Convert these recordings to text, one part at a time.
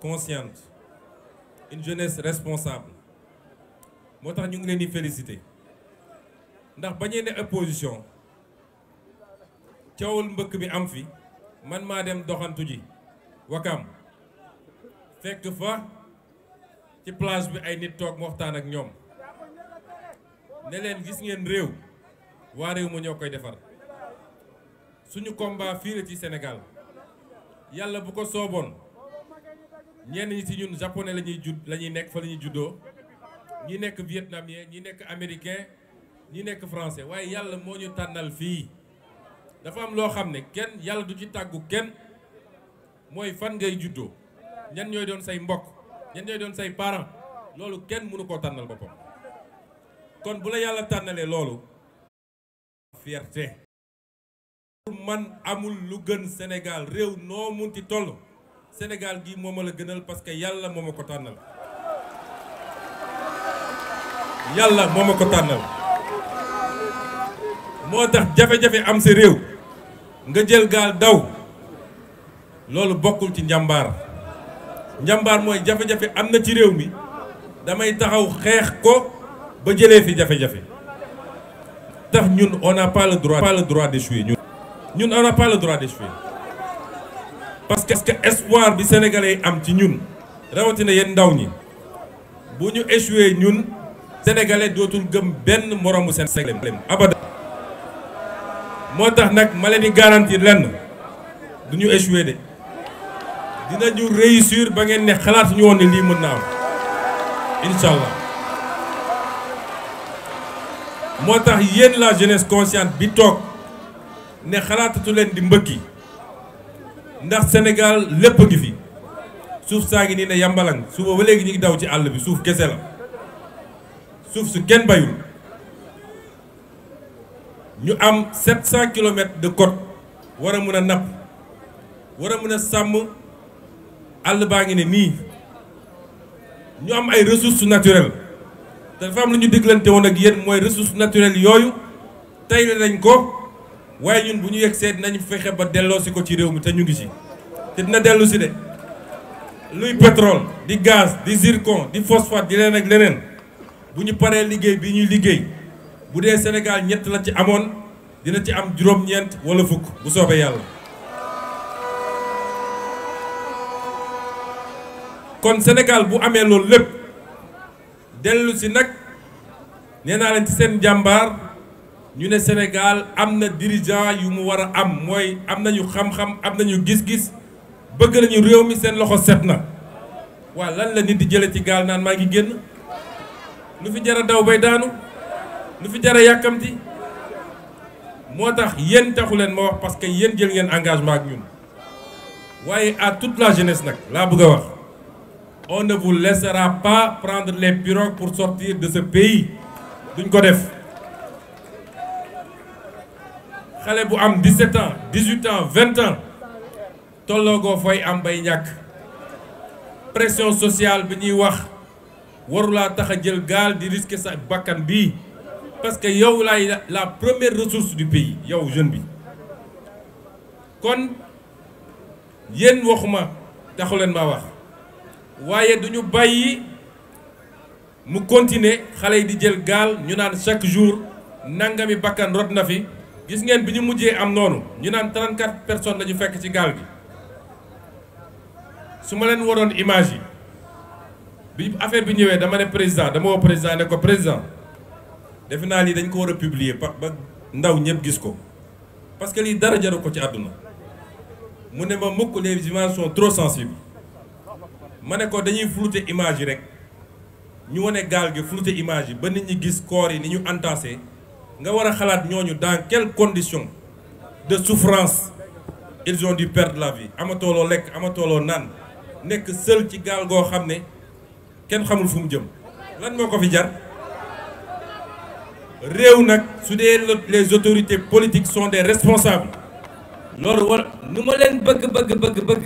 consciente une jeunesse responsable moo tax ñu ngi féliciter ndax Je opposition suis mbëkk bi am fi man Wakam Je fa ci plage bi ay nit nous waxtaan ak gis réew Je réew combat Je la ci Sénégal ñen ñi ci ñun japonais la jud lañuy la fa lañuy judo ñi nek vietnamien ñi nek américain ñi nek français waye yalla moñu tanal fi dafa am lo xamne ken yalla du ci taggu ken moy fan ngay juddoo ñan ñoy doon say mbokk ñan ñoy doon say parents lolu ken mënu ko tanal bopam kon bu la yalla tanalé lolu fierté man amul lu gën Sénégal no noo munti tollu Sénégal gi moo ma la gënal parce que yàlla moom ma ko tànnal yàlla moo ma ko tànnal moo tax jafe-jafe am sa réew nga jël gaal daw loolu bokkul ci njàmbaar njàmbaar mooy jafe-jafe am na ci réew mi damay taxaw xeex ko ba jëlee fi jafe-jafe tax ñun on n'a pas le droit pas le droit d'échouer ñun on n'a pas parce que espoir bi sénégalais am ci ñun rawatina yeen ndaw ñi bu ñu échouer ñun sénégalais dootul gëm benn moroomu sénégalais abada motax nak maléni ma leen garantir lenn du ñu dé de dinañu réussir ba ngeen ne xalaat ñu woon li mëna mën na am incha allah moo la jeunesse consciente bi tok ne xalaatatu leen di mbëkki ndax Sénégal lépp a ngi fi suuf saa ngi nii ne yambalang suba ba léegi ñu ngi daw ci àll bi suuf kese la suuf si kenn bayul ñu am 700 kilomètres de côte war a mën a napp war a mën a sàmm àll baa ngi ne nii ñu am ay ressources naturel te dafa am lu ñu déglante woon ak yéen mooy ressources naturelles yooyu tey lañ ko. waaye ñun bu ñu yegg seet nañu fexe ba delloosi ko ci réew mi te ñu ngi ci te dina dellu si de luy pétrole di gaz di zircon di phosphate di leen ak leneen bu ñu paree liggéey bi ñuy liggéey bu dee Sénégal ñett la ci amoon dina ci am juróom-ñeent wala fukk bu soobee yàlla kon Sénégal bu amee loolu lépp dellu si nag nee naa leen ci seen jàmbaar Nous, au Sénégal nous na yu mu wara am Nous amna ñu xam-xam amna ñu gis-gis bëgg nañu réew mi seen loxo wa lan la nit di ci naan ngi nous fi jara daw bay daanu fi jara wax parce que yeen jël ngeen engagement ak ñun à toute la jeunesse nak la on ne vous laissera pas prendre les pirogues pour sortir de ce pays duñ ko def xalé bu am 17 ans 18 ans 20 ans tolloogoo fay am bay ñak pression sociale bi ñi wax warulaa tax a jël gaal di risquer sa bakkan bi parce que yow la la première ressource du pays yow jeune bi kon yeen waxuma taxuleen ma wax waye duñu bàyyi mu continuer xalé di jël gal ñu naan chaque jour nangami bakkan rot na fi gis ngeen bi ñu mujjee am noonu ñu naan 34 personnes la ñu fekk ci gaal gi su ma leen waroon image yi bi affaire bi ñëwee dama ne président dama woo président ne ko président defe naa lii dañ ko war a publier ba ndaw ñëpp gis ko parce que lii dara jaru ko ci àdduna mu ne ma mukk les images sont trop sensibles ma ne ko dañuy flouter image yi rek ñu wane gaal gi flouter image yi ba nit ñi gis corps yi ni ñu entassé nga wara xalaat ñooñu dans quelles conditions de souffrance ils ont dû perdre la vie amatooloo lekk amatooloo naan nekk seul ci gaal goo xam ne kenn xamul fu mu jëm lan moo ko fi jar réew nag su dee les autorités politiques sont des responsables loolu war nu ma leen bëgg bëgg bëgg bëgg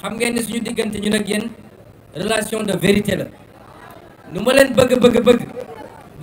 xam ngeen ni suñu diggante ñun ak yéen relation de vérité la nu ma leen bëgg bëgg bëgg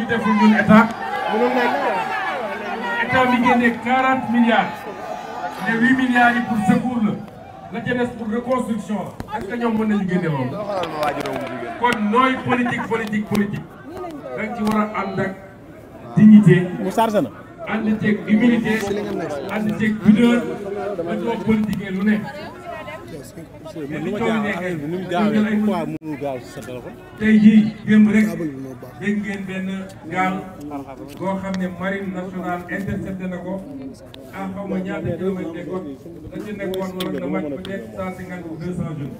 ñu deful ñun état état bi génne 40 milliards ne 8 milliards yi pour secours la la ca des pour reconstruction la est-ce que ñoom mën nañu kon nooy politique politique politique danga ci war a ànd ak dignité mu sarse na ànd ceeg humilité ànd ceeg pudeur dañoo politiquer lu ne li coow nekkee tey jii démb rek dégg ngeen benn gaal boo xam ne marine nationale intercepté na ko ah xaw ma ñaata a de côte la ci nekkoon wala na mat peut-être cent cinquante ou deux cent jeunes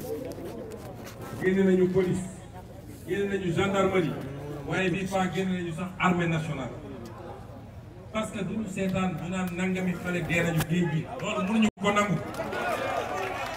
génne nañu police génne nañu gendarmerie waaye bii faa génne nañu parce que duñu seetaan du naan nangami xale dee nañu géej gi loolu mënuñu ko nangu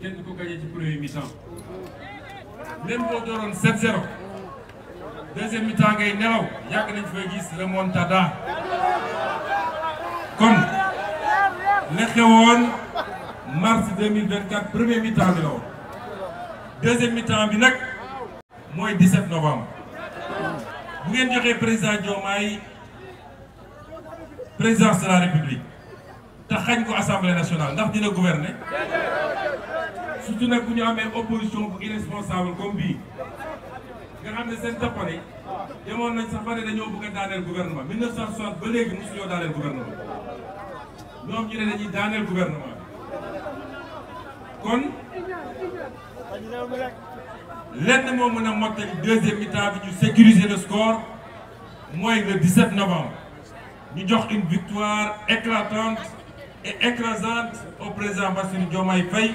kenn du ko gagné premier mi-temps même 7-0 deuxième mi-temps ngay nelaw nañ fay gis remontada mars 2024 premier mi-temps de deuxième mi-temps bi nak 17 novembre bu ngeen le président Diomaye président de la République ta xagn assemblée nationale ndax dina gouverner surtout que nous avons amee opposition pour irresponsable comme bii nga xam ne seen tappale demoon nañ sax ba ne dañoo bëgg a gouvernement 1960 ba léegi dans le gouvernement Nous ñu dans dañuy daaneel gouvernement kon lenn moo mën a deuxième mi-temps ñu sécuriser le score mooy le 17 novembre ñu jox une victoire éclatante et écrasante au président Bassirou Diomaye Faye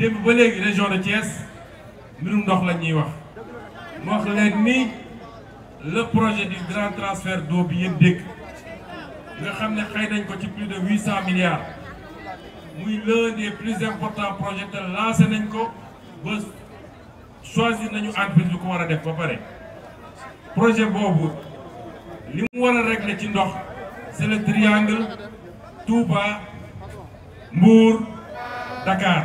démb ba léegi région de Thiès mbirum ndox la ñuy wax ma wax leen ni le projet du grand transfert d'eau bi yéen dégg nga xam ne plus de 800 milliards muy l'un des plus importants projets de lancé nañ ko ba choisir nañu entreprise bi ko a def projet boobu li mu war a régler c'est le triangle Touba mour Dakar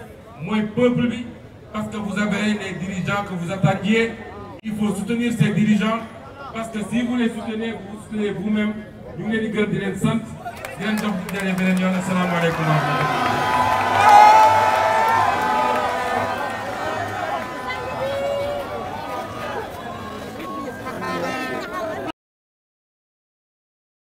moins peuple plus parce que vous avez les dirigeants que vous attendiez il faut soutenir ces dirigeants parce que si vous les soutenez vous soutenez vous-même vous les les de